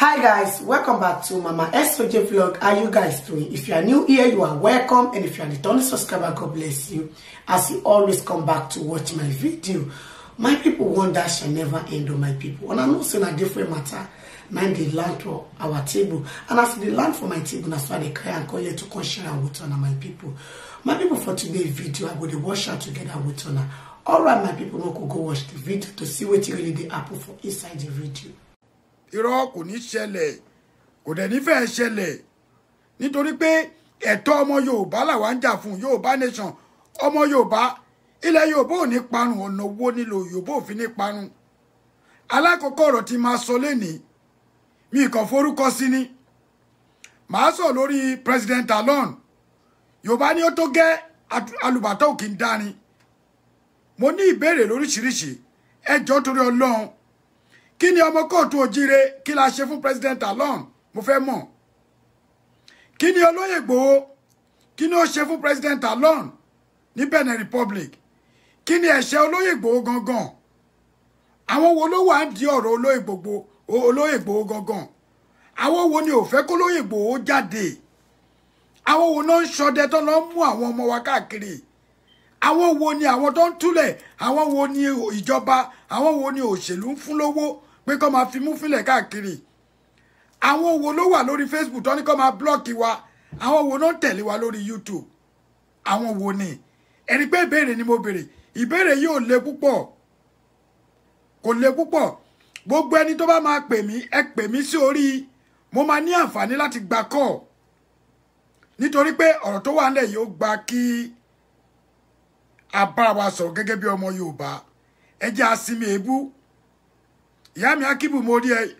hi guys welcome back to mama soj vlog how you guys doing if you are new here you are welcome and if you are the only subscriber god bless you as you always come back to watch my video my people wonder shall never end on oh my people and i know say a different matter na dey land for our table and as dey land for my table na so they cry and am come to come share am with una my people my people for today's video i go dey watch am together with una all right my people no go go watch the video to see what really they happen for inside the video irọ́ kò ní ṣẹlẹ̀ kò dẹ̀ nífẹ̀ẹ́ ṣẹlẹ̀ nítorí pé ẹ̀tọ́ ọmọ Yorùbá làwa ń jà fún Yorùbá nation ọmọ Yorùbá ilẹ̀ Yorùbá ò ní parun ọ̀nà owó nílò Yorùbá ò fi ní parun alákọ̀ọ́kọ́ ọ̀rọ̀ tí máa sọ lénìí mi kàn forúkọ sí ni màá sọ lórí President alone, Yorùbá ni ó tó gẹ́ alùbàtà òkè ń dárin mo ní ìbéèrè lóríṣiríṣi ẹjọ́ torí Ọlọ́run kí ni ọmọ kóòtù òjire kí la ṣe fún president alone mo fẹ́ mọ̀ kí ni olóyè Ìgbòho kí ni ó ṣe fún president alone ní Benin Republic kí ni ẹ̀ṣẹ̀ olóyè Ìgbòho gangan àwọn wo ló wà ń di ọ̀rọ̀ olóyè gbogbo olóyè Ìgbòho gangan àwọn wo ni ò fẹ́ kó olóyè Ìgbòho jáde àwọn wo náà ń ṣọdẹ tó lọ ń mú àwọn ọmọ wa káàkiri àwọn wo ni àwọn tó ń túlẹ̀ àwọn wo ni ìjọba àwọn wo ni òṣèlú ń fún lówó pé kó máa fi mú fílẹ̀ káàkiri àwọn wo ló wà lórí Facebook tó ní kó máa blọ́ọ̀kì wa àwọn wo ló tẹ̀lé wa lórí YouTube àwọn wo ni ẹni pé ìbéèrè ni mo béèrè ìbéèrè yìí ò le púpọ̀ kò le púpọ̀ gbogbo ẹni tó bá máa pè mí ẹ pè mí sí orí mo máa ní àǹfààní láti gba kọ́ọ̀ nítorí pé ọ̀rọ̀ tó wà nílẹ̀ yìí ó gba kí a sọ̀rọ̀ gẹ́gẹ́ bí ọmọ Yorùbá ẹ jẹ́ àsinmi èébú ìyá mi akíbù mo rí ẹ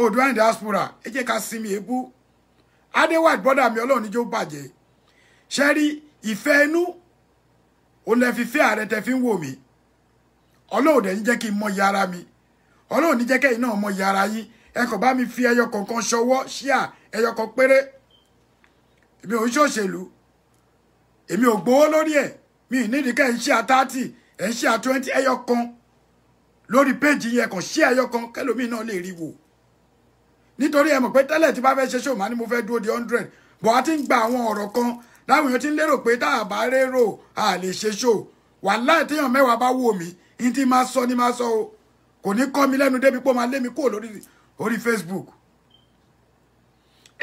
oòdùà ní diaspora ẹ jẹ́ ká sinmi èébú adéwàd bọ́dà mi ọlọ́run níjó bàjẹ́ ṣe rí ìfẹ́ inú òun fi fi ń wò mí ọlọ́run dẹ̀ ní jẹ́ kí n mọ iye mi ọlọ́run ní jẹ́ kẹ́yìn náà mọ iye ara yín ẹ kàn bá mi fi ẹyọ kọ̀ọ̀kan ṣọwọ́ ṣíà ẹyọ kan péré èmi ò ń ṣòṣèlú èmi ò gbowó lórí mi ì nídìí kẹ́ ẹ̀ ń ṣíà thirty ẹ̀ ń ṣíà twenty ẹyọ kan lórí péjì yẹn kàn ṣí ẹyọ kan kẹlòmíì náà lè rí wò nítorí ẹ mọ̀ pé tẹ́lẹ̀ tí bá fẹ́ ṣe ṣòmá ni mo fẹ́ dúró di hundred bọ̀ a ti ń gba àwọn ọ̀rọ̀ kan láwọn èèyàn ti ń lérò pé tá a bá rérò a lè ṣe ṣò wàhálà téèyàn mẹ́wàá bá wò mí ní ti máa sọ ni máa sọ o kò ní kọ́ mi lẹ́nu débi pé ó máa lé mi kúrò lórí orí Facebook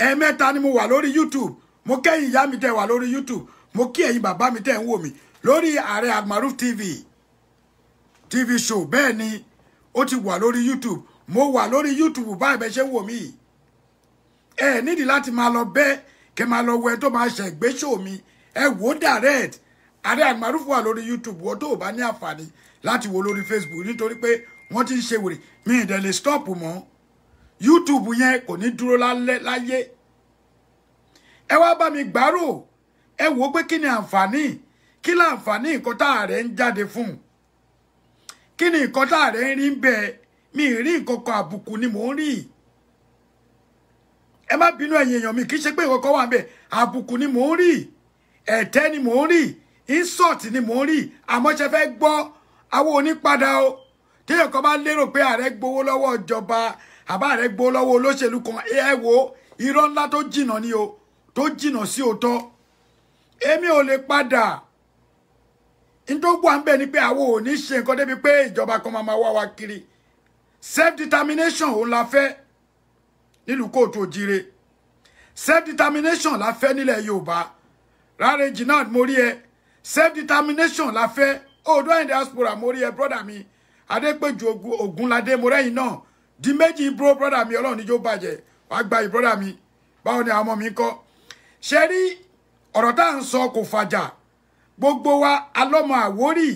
ẹ̀ẹ̀mẹ́ta ni mo wà lórí YouTube mo kẹ́yìn ìyá mi tẹ́ wà lórí YouTube mo kí ẹ̀yin bàbá mi tẹ́ ń wò mí lórí ààrẹ Almaroof TV tv show bẹ́ẹ̀ ni ó ti wà lórí youtube mo wà lórí youtube báyìí bẹ́ẹ̀ ṣe wò mí ẹ nídìí láti máa lọ bẹ́ẹ̀ kẹ́ máa lọ wẹ tó máa ṣe ìgbé show mi ẹ wò ó direct Ààrẹ Al wà lórí youtube wọ́n tó o bá ní àǹfààní láti wo lórí facebook nítorí pé wọ́n ti ń ṣe wèrè mi ì dẹ̀ lè stop mọ́ youtube yẹn kò ní dúró láyé ẹ wá bá mi gbárò ẹ wò ó pé kí ni àǹfààní kí láǹfààní nǹkan tá ààrẹ ń jáde fún un kí ni nǹkan tá a rẹ̀ ń rí ń bẹ mi ì rí nǹkan kan àbùkù ni mò ń rí ẹ má bínú ẹ̀yin èèyàn mi kì í ṣe pé nǹkan wà ń bẹ àbùkù ni mò ń rí ẹ̀tẹ́ ni mò ń rí insult ni mò ń rí àmọ́ ṣe fẹ́ gbọ́ àwọn onípadà o téèyàn kan bá lérò pé ààrẹ gbowó lọ́wọ́ ìjọba àbá ààrẹ gbowó lọ́wọ́ olóṣèlú kan ẹ wo irọ́ ńlá tó jìnnà ni o tó jìnnà sí òótọ́ èmi ò lè padà n tó gbọ́ à ń bẹ̀ ni pé àwọn ò ní ṣe nǹkan débi pé ìjọba kan máa wá wa kiri self determination òun la fẹ́ nílùú kóòtù òjire self determination la fẹ́ nílẹ̀ yorùbá rárẹ̀ jinad mo rí ẹ self determination la fẹ́ oòdùn àyìn diaspora mo rí ẹ brọ́dà mi adépèjú ògúnládé mo rẹ́yìn náà di méjì bro brọ́dà mi ọlọ́run níjó bàjẹ́ wàá gba ìbrọ́dà mi báwo ni àwọn ọmọ mi kọ́ ṣe rí ọ̀rọ̀ tá à ń sọ kò fàjà gbogbo wa alọ́mọ àwórì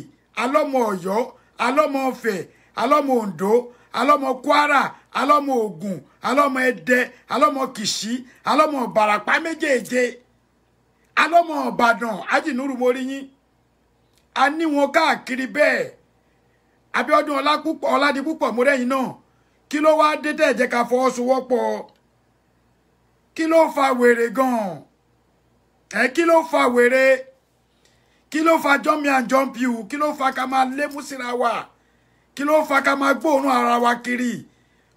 alọ́mọ ọ̀yọ́ alọ́mọ ọ̀fẹ́ alọ́mọ oǹdó alọ́mọ kwara alọ́mọ ògùn alọ́mọ ẹdẹ alọ́mọ kìṣí alọ́mọ barapá méjèèje alọ́mọ ìbàdàn ajínúrú mo rí yín a ní wọn káàkiri bẹ́ẹ̀ abíọ́dún ọládipúpọ̀ mọ́rẹ́yìn náà kí ló wá dé tẹ̀ jẹ́ ká fọwọ́sowọ́pọ̀ kí ló fa wèrè gan-an kí ló fa wèrè kí ló fa jump me and jump you kí ló fa ká máa lé mú síra wa kí ló fa ká máa gbóòórùn ara wa kiri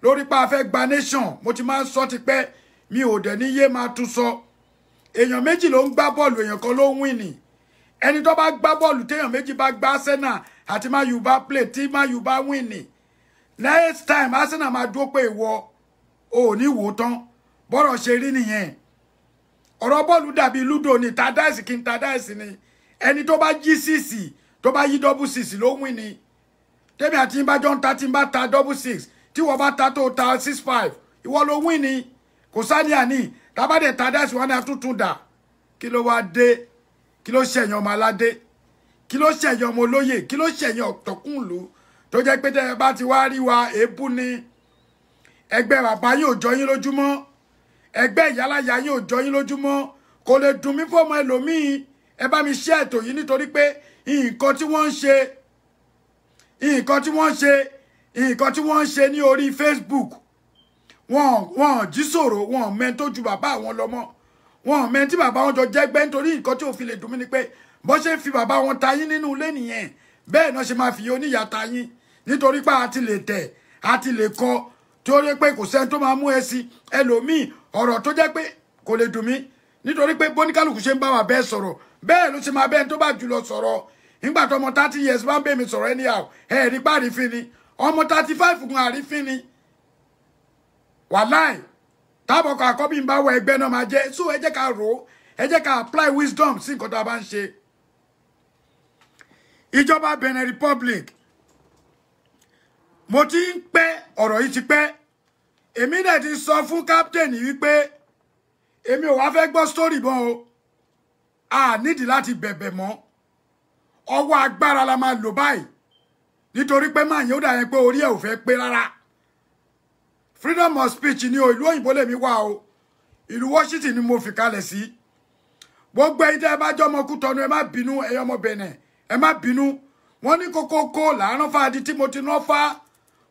lórí pa afẹ́ gba nation mo ti máa ń sọ tipẹ́ mi ò dẹ̀ ní yé máa tún sọ èèyàn méjì ló ń gbá bọ́ọ̀lù èèyàn kan ló ń wìn ní ẹni tó bá gbá bọ́ọ̀lù téèyàn méjì bá gbá Arsenal àti Man U play tí Man U wìn ní next time Arsenal máa dúró pé ìwọ ò ní wò ó tán bọ́rọ̀ ṣe rí nìyẹn ọ̀rọ̀ bọ́ọ̀lù dàbí ludo ni ta dáìsì kí n ta dáìsì ni ẹni tó bá jí síìsì tó bá yí dọ́bù síìsì ló win ni tèmi àti yín bá jọ ń ta tí n bá ta dọ́bù six tí wọ́n bá ta tó ta six five ìwọ ló win ni kò sáni àní tábàdé ta dáìsì wọn ni a tún tún dà kí ló wá dé kí ló ṣẹ̀yìn ọmọ aládé kí ló ṣẹ̀yìn ọmọ olóyè kí ló ṣẹ̀yìn ọ̀tọ̀kùnlú tó jẹ́ pé tẹ́lẹ̀ bá ti wá rí wa èébú ni ẹgbẹ́ bàbá yóò jọ yín lójúmọ́ ẹgbẹ́ ìyálàyà yóò jọ yín lójúmọ́ kò lè dùn mí fọmọ ẹlòmíì ẹ bá mi ṣe ètò yìí nítorí pé nǹkan tí wọ́n ń ṣe nǹkan tí wọ́n ń ṣe nǹkan tí wọ́n ń ṣe ní orí Facebook wọn wọn jí sọ̀rọ̀ wọn mẹ́ni tó ju bàbá àwọn lọ mọ́ wọn mẹ́ni tí bàbá wọn jọ jẹ́gbẹ́ nítorí nǹkan tí òfin lè dùn mí ni pé bó ṣe fi bàbá wọn ta yín nínú ilé nìyẹn bẹ́ẹ̀ náà ṣe máa fi oníyà ta yín nítorí pé a ti lè tẹ̀ a ti lè kọ torí pé kò sẹ́ni tó máa mú ẹ sí ẹlòmíì ọ̀rọ̀ tó jẹ́ pé kò lè dùn mí nítorí pé bóníkálùkù ṣe ń bá wa bẹ́ẹ̀ sọ̀rọ̀ bẹ́ẹ̀ ló ṣe máa bẹ́ẹ̀ tó bá jùlọ sọ̀rọ̀ nígbà tó ọmọ thirty years bá ń bèmí sọ̀rọ̀ ẹni àw ẹ̀ rí bá rí fínni ọmọ thirty five gun àrífín ni wàláì tábọ̀kọ̀ àkọ́bí ń bá wọ ẹgbẹ́ náà máa jẹ́ so ẹ jẹ́ ká rò ó ẹ jẹ́ ká apply wisdom sí nǹkan tó a bá ń ṣe. ìjọba Benin Republic mo ti ń pẹ́ ọ̀rọ̀ yìí ti pẹ́ èmi náà ti sọ fún captain wípé èmi ò wá fẹ́ gbọ́ sítórì mọ́ o a nídìí láti bẹ̀bẹ̀ mọ́ ọwọ́ agbára la máa lò báyìí nítorí pé máa yẹn ó dà yẹn pé orí ẹ̀ ò fẹ́ pé rárá freedom of speech ni o ìlú òyìnbó lèmi wà o ìlú Washington ni mo fi kalẹ̀ sí gbogbo ẹ̀yin tẹ́ ẹ bá jọ ọmọ Kútọ̀nù ẹ má bínú ẹ̀yin ọmọ Bẹ̀nẹ̀ ẹ má bínú wọ́n ní kókókó làárọ̀ fáadì tí mo ti ná fá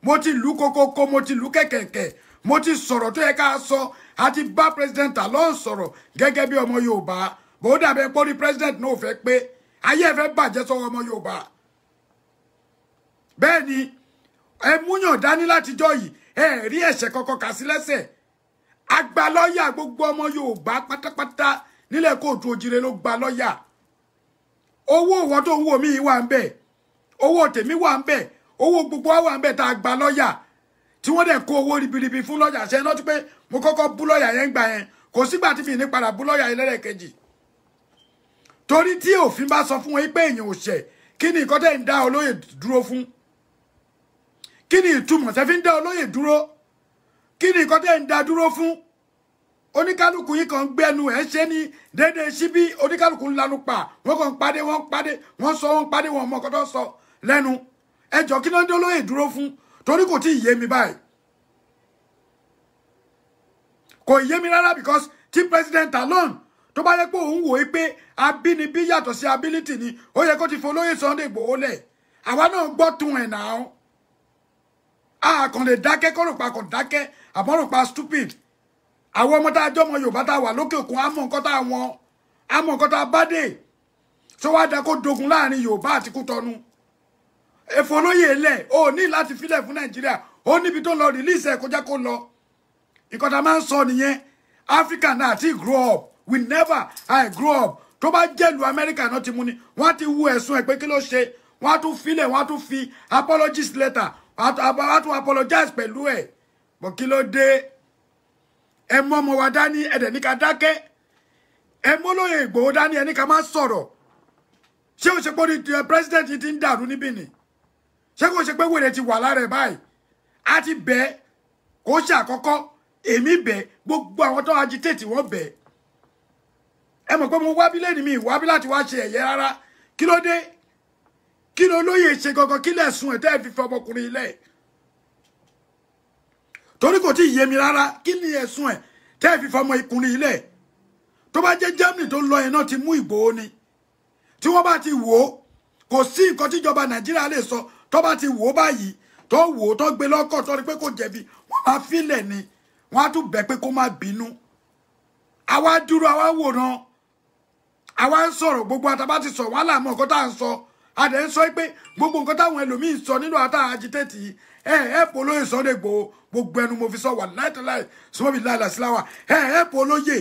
mo ti lù kókókó mo ti lù kẹ̀kẹ̀kẹ̀ mo ti sọ̀rọ̀ tó yẹ ká sọ àti bá president Talon sọ̀rọ̀ gẹ́gẹ́ bí ọmọ Yorùbá bó dàbẹ̀ pọ́lí president náà fẹ́ pé ayé ẹ̀ fẹ́ bàjẹ́ sọ́wọ́ ọmọ Yorùbá bẹ́ẹ̀ ni ẹ múyàn dání látijọ́ yìí ẹ rí ẹ̀ṣẹ̀ kankan kà sí lẹ́sẹ̀ àgbà lọ́ọ̀yà gbogbo ọmọ Yorùbá pátápátá nílẹ̀ kóòtù òjìrè ló gba lọ́ọ̀yà owó òwò tó ń wò mí wà ń bẹ̀ owó tèmi wà ń bẹ̀ owó gbogbo wà ń bẹ̀ tá a gba lọ́ọ̀yà tí wọ́n dẹ̀ kó owó ribiribi fún lọ́ọ̀yà ṣe rántí pé mo kọ́kọ́ bú lọ́ọ̀yà yẹn gbà yẹn kò sígbà tí fìní padà bú lọ́ọ̀yà yẹn lẹ́ẹ̀kejì torí tí òfin bá sọ fún wọn pé èèyàn ò ṣẹ̀ kí ni ìkọ́tẹ́ ń dá olóyè dúró fún kí ni ìtumọ̀ tẹ́ fi ń dá olóyè dúró kí ni ìkọ́tẹ́ ń dá dúró fún oníkálukú yìí kàn ń gbẹnu ẹ̀ ṣe ní déédéé síbí oníkálukú ń lanu pa wọ́n kàn ń padé wọ́n ń padé wọ́n sọ wọ́n ń padé wọ́n mọ̀ kọ́tọ́ sọ lẹ́nu ẹjọ́ kí ló ń dá olóyè dúró fún torí kò tí yé mi báyìí kò yé mi rárá because tí president alone tó bá yẹ pé òun wòye pé abínibí yàtọ̀ sí ability ni ó yẹ kó ti folóyè Sunday Igboho lẹ̀ àwa náà gbọ́ tún ẹ̀ náà a kàn lè dákẹ́ kọ́ lòpá kàn dákẹ́ àmọ́ lòpá stupid àwọn ọmọ tá a jọmọ Yorùbá tá a wà lókè òkun àmọ́ nǹkan tá a wọn àmọ́ nǹkan tá a bá dé sọ wá dá kó dogun láàrin Yorùbá àti Kútọ́nù efolóyè lẹ̀ o ní láti filẹ̀ fún nàìjíríà ó níbi to lọ release ẹ̀ kó jẹ́ kó lọ nǹkan tá a máa ń sọ nìyẹn africa náà àti grow up we never i grow up To bá jẹ́lu amẹ́ríkà náà ti mú ni wọ́n á ti wú ẹ̀sùn ẹ̀ pé kí ló ṣe wọ́n á tún filẹ̀ wọ́n á tún fi apologist letter wọ́n á apologize pẹ̀lú ẹ̀ bọ̀ kí ló dé e mú ọmọ wa dání ẹ̀dẹ̀ ní ká dákẹ́ ẹ mú olóyè ìgbòho dání ẹ ní ká má sọ̀rọ̀ ṣé òṣèpọ̀ ni eh, president ti ń dàrú níbí ni ṣé kò ṣe pé wèrè ti wà lára ẹ̀ báyìí a ti bẹ̀ ẹ́ kò ṣe àkọ́kọ́ èmi bẹ̀ gbogbo àwọn tó agitate wọ́n bẹ̀ ẹ mọ̀ pé mo wábí lẹ́nu mi wábí láti wá ṣe ẹ̀yẹ rárá kí ló dé kí ló lóye ṣe gangan kí lẹ̀sùn ẹ̀ tẹ́ ẹ fi fi ọmọkùnrin ilẹ̀ torí kò tí ì yé mi rárá kí ni ẹ̀sùn ẹ̀ tẹ́ ẹ fi fi ọmọkùnrin ilẹ̀ tó bá jẹ́ Germany tó lọ yẹn náà ti mú Ìgbòho ni tí wọ́n bá ti wò ó kò sí nǹkan tíjọba Nàìjíríà lè sọ tó bá ti wò ó báyìí tó wò ó tó gbé lọ́kọ̀ tó rí pé kò jẹ̀bi wọ́n máa filẹ̀ ni wọ́n á tún bẹ̀ pé kó má bínú àwa dúró àwa wòran àwa ń sọ̀rọ̀ gbogbo àtàbá ti sọ wàhálà mọ̀ nǹkan tá à ń sọ a dẹ̀ ń sọ pé gbogbo nǹkan táwọn ẹlòmíì sọ nínú àtà agitéètì ẹ ẹ polóye Sunday Igboho gbogbo ẹnu mo fi sọ wà láìtàláì sọmọbi láìláṣíláwà ẹ ẹ polóye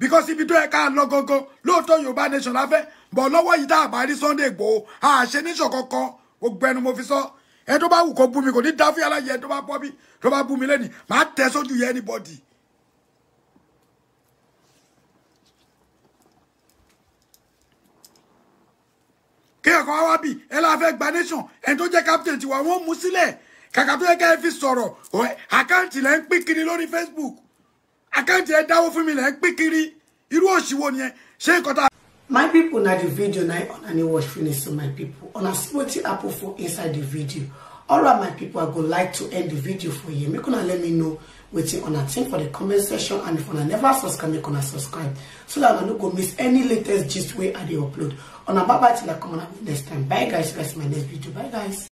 because ibi tó yẹ ká lọ gangan lóòótọ́ Yorùbá nation la fẹ́ bọ̀ lọ́wọ́ yìí tá a Sunday Igboho àṣẹ níṣọ̀ kankan gbogbo ẹnu mo fi sọ ẹ tó bá wù kó bú mi kò ní dáfí aláyẹ tó bá bọ́ mi tó bá bú mi lẹ́nìí màá tẹ sójú yẹ anybody. kéèyàn kan wá bì ẹ láà fẹ́ gba nation ẹni tó jẹ́ captain tiwa wọ́n mú sílẹ̀ kàkà tó yẹ ká ẹ fi sọ̀rọ̀ àkáǹtì lẹ́ ń pín kiri lórí Facebook àkáǹtì ẹ dáwó fún mi lẹ́ ń pín kiri irú òṣìwò nìyẹn ṣé nǹkan tá a my people, now the video na una new watch finish so my pipo una see wetin happen for inside the video All right, my people, i go like to end the video for you. make una let me know wetin una think for the comment section and if una never subscribe make una subscribe so that una don't go miss any latest gist way i upload. On a bye bye till i come on next time bye guys guys my next video bye guys